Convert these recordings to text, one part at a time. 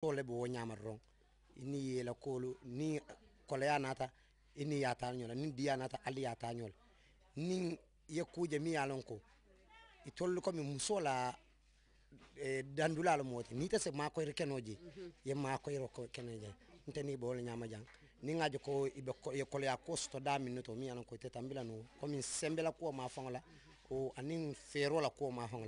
tole bo ñamata ron ini yela kolu ni koleya nata ini yata ñola ni diya nata ali yata ñola ni ye ko itol ko mi musola e eh, dandula la moti mhm. ye ma koy ko kenoje nteni bol ñama jang ko ibe ko ye koleya ko sto da min to mi yalon ko te tambila mhm.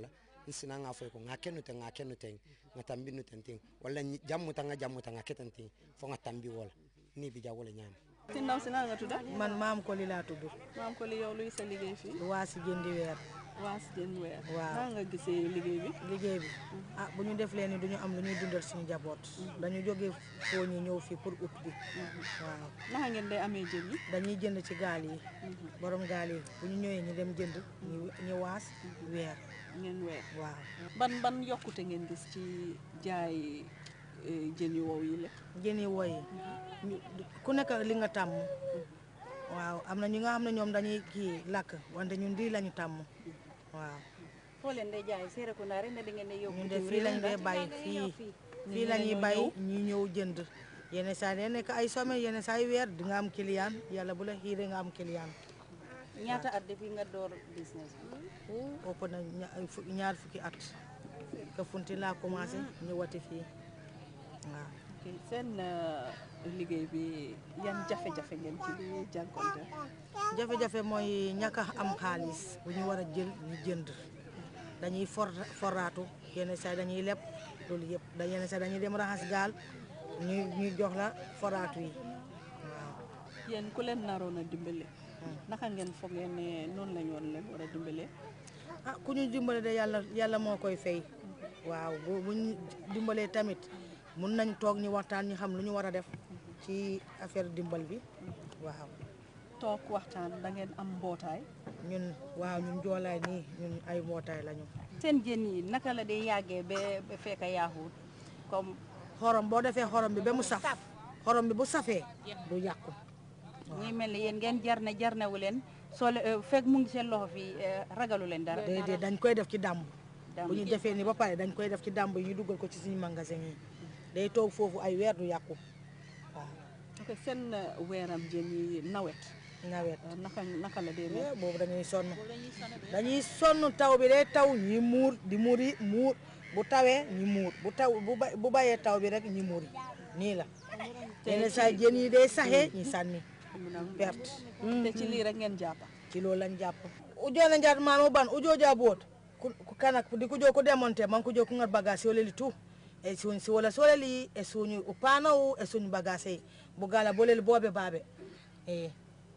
la sina nga foy ko nga kenu te nga kenu te nga tambi nu tenteng wala jammu tanga jammu tanga ketenteng fo nga tambi wala ni bi ja wala ñaan ci ndaw si na nga man maam ko li laa tudd maam ko li yow liggéey fii waa si jëndi weer waas waaw naa nga gisee liggéey bi liggéey bi mm-hmm. ah bu ñu def leen du ñu am lu ñuy dundal suñu njaboot mm-hmm. dañu jógee foo ñi ñëw fii pour ut bi mm-hmm. waaw naka ngeen day amee jën yi dañuy jënd ci gaal yi borom gaal yi bu ñu ñëwee ñu dem jënd ñu waas weer ngeen ban ban yokkute ngeen gis ci jaay e, jën yu wow yi la jën yu wow yi ku nekk li nga tàmm waaw am na ñi nga xam ne ñoom dañuy kii làkk wante ñun lii lañu tàmm waaw foo leen dee jaay Serekunda rek ne da ngeen di yóbbu. ñun de fii lañ dee bàyyi fii fii la ñuy bàyyi ñu ñëw jënd yenn saa yi nekk ay somme yenn saa yi weer di nga am client yàlla bula la xiiree nga am client. ñaata at depuis nga door business bi. ñaar fukki at. ka funti laa commencé ñëwati fii. ok seen euh, liggéey bi yan jafe-jafe ngeen ci di jànkonte jafe-jafe mooy ñàkk am xaalis bu ñu war a jël ñu jënd dañuy for foraatu yenn saa dañuy leb loolu yëpp da yenn dañuy dem raxas gaal ñuy ñu jox la yi yéen ku leen naroon a dimbale. Hmm. naka ngeen foogee ne noonu la ñu war leen war a dimbale. ah ku ñu dimbale de yàlla moo koy fay. Hmm. waaw bu ñu tamit. mun nañ toog ñu waxtaan ñu xam lu ñu war a def ci affaire dimbal bi waaw. toog waxtaan da ngeen am mbootaay. ñun waaw ñun joolaay nii ñun ay mbootaay lañu. seen jën yi naka la dee yàggee ba fekk yaaxuut comme. xorom boo defee xorom bi ba mu saf xorom bi bu safee du yàqu. ñuy mel ni yéen ngeen jar ne jar newu leen soo euh, fekk mu ngi seen loxo fii euh, ragalu leen dara. déedéet dañ koy def ci dàmb. bu ñu defee ni ba pare dañ koy def ci dàmb yi ñu duggal ko ci suñu magasin yi. day toog foofu ay weer du yàqu waaw. ok uh, weeram jën nawet. nawet uh, naka naka la dee eh, sonn dañuy sonn taw bi da taw ñi muur di muur yi muur bu tawee ñi muur bu taw bu bayee taw bi rek ñi muur yi nii la. yenn saa jën yi day saxee mm. ñi sànni perte. Mm. te ci mm. lii rek ngeen jàpp. ci loolu lañ jàpp. ujoo na njaat maanu ban ujoo jaa boot ku kanak di ku joo ko démonté man ku joo ku ngar bagage yoo leli esun si wala soleli esun upano esun bagase bugala bolel bobe babe e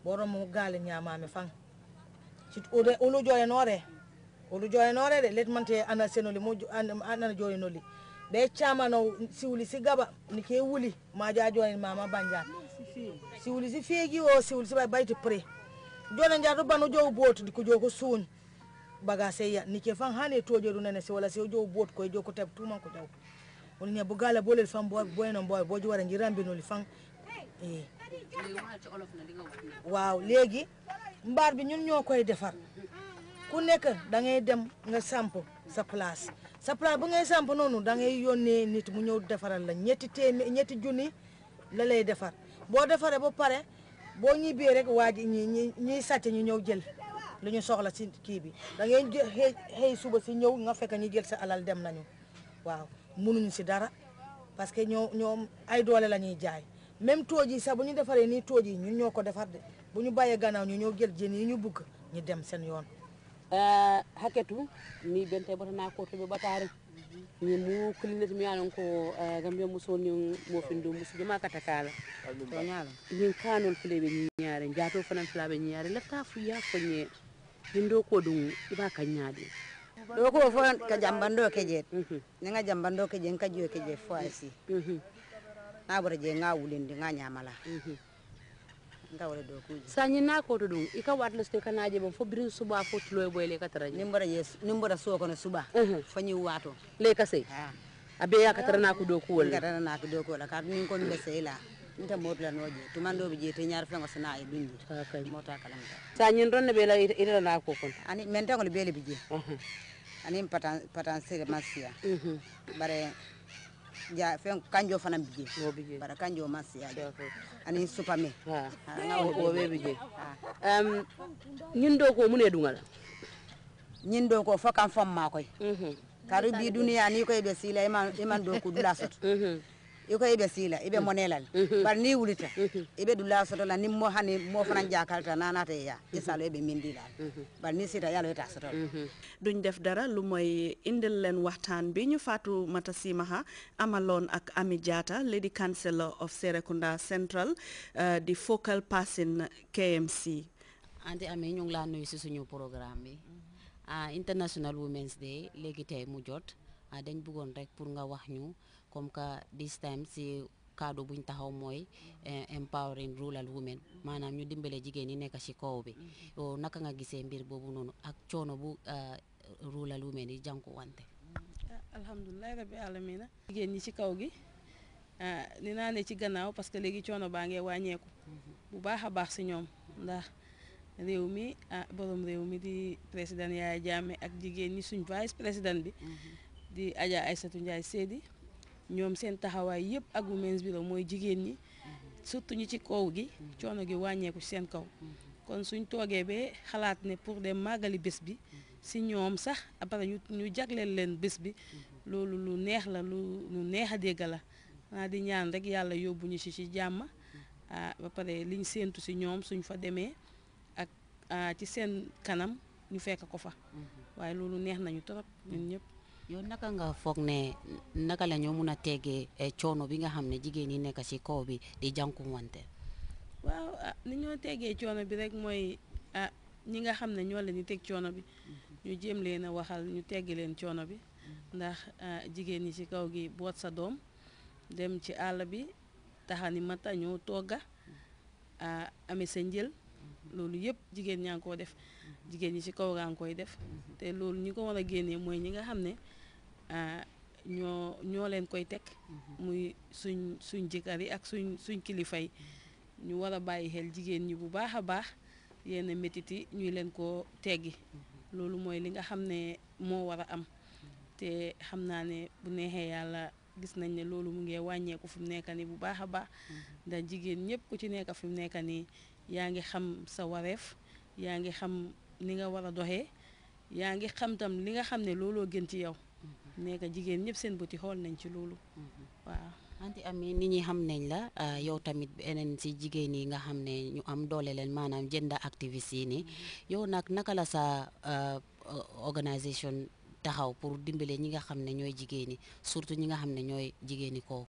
boro mu gale nyama me fang sit ode ulu joye de let mante ana senoli mu ana joye noli be chama no si wuli si gaba ni ke wuli ma ja joye mama banja si wuli si fegi o si wuli si bay bayti pre jona njaru banu jow botu ko jogo suun bagase ya ni ke fang wala si bot ko jogo tab tuman ko wolña bo gala bolel fam bo boyno mboy bo wara jiranbinoli fan i eh. waaw léegi mbaar bi ñun ñoo koy defar ku nekk da ngay dem nga samp sa place sa place bu ngay samp noonu da ngay yónnee nit mu ñëw defaral la ñetti téeméer ñetti junni la lay defar boo defaree ba pare boo ñibbee rek waa ji ñi ñiy sàcc ñu ñëw jël lu ñu soxla si kii bi da ngay xëy suba si ñëw nga fekk ñu jël alal dem nañu waaw mënuñu si dara parce que ñoo ñoom ay doole la ñuy jaay même tooj yi sax bu ñu defaree nii tooj yi ñun ñoo ko defar de bu ñu bayee ganaaw ñu ñoo jël jën yi ñu bugg ñu dem seen yoon euh, haketu mi bente batana kotoɓe ɓatare mhm. ñu mu kulinete mi yanon ko euh, gambiya musol ñin mofin dow musujo ma kata kala min kanol fileɓe ñiñare jaato fanan filaɓe ñiñare lefta fuya foñe min dow ko ɗum iba kaññaɗe ɗo ko ka jambanɗo kejeet nega jambanɗo keje ka jowe keje fo ay si na ɓura je ga wulinde ga ñamala nga wala do kuji sanyi na ko to dum ika watlo ste kana je fo birin suba fo tuloy boy le katara ni mbara yes ni mbara so kono suba fo nyi wato le kase ha abe ya katara na ku do ku wala katara na ku do ku wala ka ni ko be seyla nta motu la noje to man do be je te nyar fengo sana e dunji mota kalam ta sanyi ron ne be la ira na ko kon ani men ta ko be le bi ani patan patan sere masia mm -hmm. bare ja fen kanjo fana bige wo bige bara kanjo masia ja ani supame ha nga wo be bige um nyin do ko mune dungala nyin do ko fakan fam makoy mm -hmm. karu bi duniya be sila iman iman do ko dula sot i ko ibe siila ibe mm-hmm. Mm-hmm. bari ni wulita mm-hmm. ibe dula sotola ni mo hani mo fana jakalta nanata ya isalo ibe mindilal bari ni sita yalo ita sotola duñ def dara lu mooy indil leen waxtaan bi ñu faatu mata simaha amaloon ak Ami Jaata lady councillor of Serekunda Central eh, di focal person KMC anti amee ñu ngi laa nuyu si suñu programme bi ah, international women's day léegi tey mu jot ah, dañ bëggoon rek pour nga wax ñu comme que this time si kaddu buñ taxaw mooy eh, empowering rural women maanaam ñu dimbalee jigéen ñi nekk ci kaw bi yow naka nga gisee mbir boobu noonu ak coono bu eh, rural women yi jànku wante ah, alhamdulilah rabbi alamina jigéen ñi ci kaw gi ah, ni naa ne ci gannaaw parce que léegi coono baa ngee wàññeeku bu baax a baax si ñoom ndax réew mi ah mi di président Yaya ak jigéen ñi suñ vice président bi di Adja Aïssatou Ndiaye Seydi ñoom seen taxawaay yëpp ak Women's Bureau mooy jigéen ñi surtout ñi ci kaw gi coono gi wàññeeku ci seen kaw kon suñ toogee ba xalaat ne pour dem màggali bés bi si ñoom sax après ñu jagleen leen bés bi loolu lu neex la lu lu neex a dégg la xanaa di ñaan rek yàlla yóbbu ñu si ci jàmm ah ba pare liñ séentu si ñoom suñ fa demee ak ah, ci seen kanam ñu fekk ko fa waaye loolu neex nañu trop ñun ñëpp. yow naka nga foog ne naka la ñoo mun a teggee eh, coono bi nga xam ne jigéen ñi nekk ci kaw bi di wante waaw ah ni ñoo teggee coono bi rek mooy ah, ñi nga xam ne ñoo leen di teg coono bi mm-hmm. ñu jëm leen a waxal ñu teggi leen coono bi mm-hmm. ndax ah, jigéen ñi ci kaw gi boot sa doom dem ci àll bi taxa ni mata ñoo togga mm-hmm. a ah, sa njël. loolu yëpp jigéen ñaa ngi koo def jigéen ñi ci kaw gaa koy def te loolu ñi ko war a génnee mooy ñi nga xam ne ah, ñoo ñoo leen koy teg muy suñ suñ jëkkër yi ak suñ suñ kilifa ñu war a bàyyi xel jigéen ñi bu baax a baax yenn métit yi ñuy leen koo teggi loolu mooy li nga xam ne moo war a am te xam naa ne bu neexee yàlla gis nañ ne loolu mu ngi wàññeeku fi mu nekk nii bu baax a baax mm-hmm. ndax jigéen ñëpp ku ci nekk fi mu nekk nii yaa ngi xam sa wareef yaa ngi xam ni nga war a doxee yaa ngi xam tam li nga xam ne looloo gën ci yow mm-hmm. nekk jigéen ñëpp seen bëti xool nañ ci loolu mm-hmm. waaw anti ami ni ñi xam nañ la ah, yow tamit beneen si jigéen yi nga xam ne ñu am doole leen maanaam jënda activiste yi nii yow nag naka la sa ah, organisation taxaw pour dimbale ñi nga xam ne ñooy jigéen ñi surtout ñi nga xam ne ñooy jigéen ko